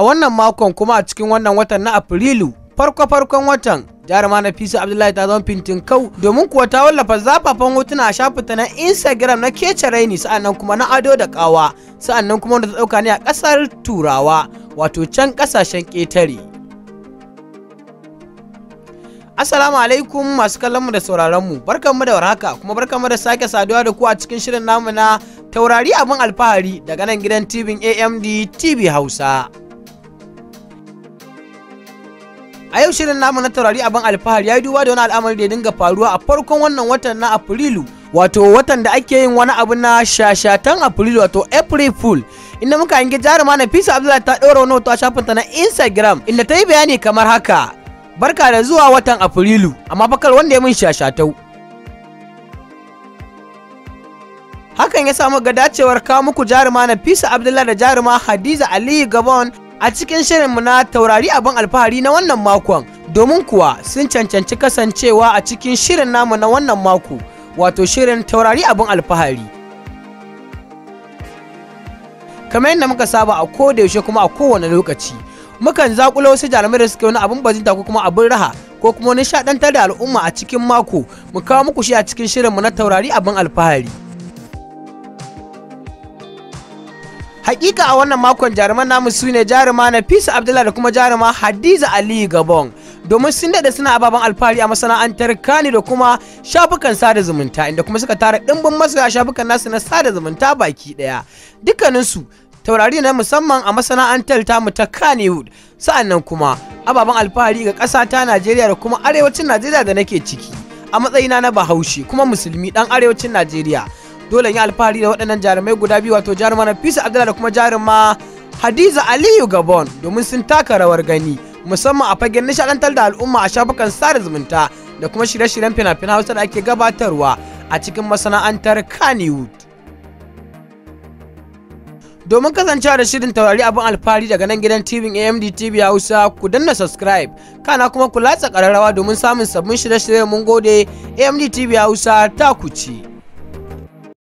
a wannan makon kuma a cikin wannan watan na afrilu farko-farkon watan jaruma na fisa abdullahi ta zama fintin kau domin kuwa ta wallafa zafafan hotuna a shafinta na instagram na kece raini sa'annan kuma na ado da kawa sa'annan kuma wanda ta dauka ne a kasar turawa wato can kasashen ketare Assalamu alaikum masu kallon mu da sauraron mu. mu da warhaka kuma barkan mu da sake saduwa da ku a cikin shirin namu na taurari abin alfahari daga nan gidan TV AMD TV Hausa. A yau shirin namu na taurari abin alfahari ya yi duba da wani al'amari da ya dinga faruwa a farkon wannan watan na Afrilu. Wato watan da ake yin wani abu na shashatan Afrilu wato April Fool. Inda muka yanke jaruma Nafisa Abdullahi ta ɗora wani hoto a shafinta na Instagram inda ta yi bayani kamar haka. Barka da zuwa watan Afrilu, amma fakar wanda ya min shashatau. Hakan ya samu ga dacewar kawo muku jaruma Nafisa Abdullahi da jaruma Hadiza Aliyu Gabon a cikin shirinmu na taurari abin alfahari na wannan makon domin kuwa sun cancanci kasancewa a cikin shirin namu na wannan mako wato shirin taurari abin alfahari kamar yadda muka saba a yaushe kuma a kowane lokaci mukan zakulo wasu jarumai da suke wani abin bazinta ko kuma abin raha ko kuma nishaɗantar da al'umma a cikin mako mu kawo muku shi a cikin shirinmu na taurari abin alfahari hakika a wannan makon jaruman namu su ne jaruma na fisa abdullahi da kuma jaruma hadiza ali gabon domin sun daɗe suna ababen alfahari a masana'antar kani da kuma shafukan sada zumunta inda kuma suka tara ɗimbin masoya shafukan nasu na sada zumunta baki ɗaya dukkaninsu taurari na musamman a masana'antar tamu ta sa'an sa'annan kuma ababen alfahari ga ƙasa ta najeriya da kuma arewacin najeriya da nake ciki a matsayina na bahaushe kuma musulmi ɗan arewacin najeriya dole yi alfahari da waɗannan jarumai guda biyu wato jaruma Nafisa Abdullahi da kuma jaruma Hadiza Aliyu Gabon domin sun taka rawar gani musamman a fagen nishadantar da al'umma a shafukan sada zumunta da kuma shirye-shiryen fina-finan Hausa da ake gabatarwa a cikin masana'antar Kannywood. Domin kasancewa da shirin taurari abin alfahari daga nan gidan TV AMD TV Hausa ku danna subscribe kana kuma ku latsa ƙararrawa domin samun sabbin shirye-shiryen mun gode AMD TV Hausa ta ku ci.